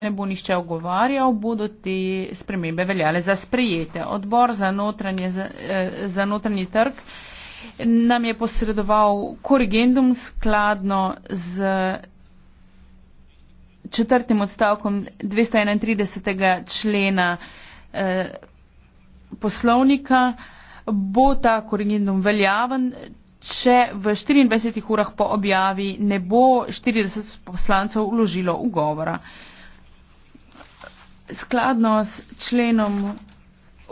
ne bo nišče ogovarjal, bodo te spremembe veljale za sprejete. Odbor za, notranje, za, eh, za notranji trg nam je posredoval korigendum skladno z četrtim odstavkom 231. člena eh, poslovnika. Bo ta korigendum veljaven, če v 24 urah po objavi ne bo 40 poslancev uložilo ugovora. Eh, skladno s členom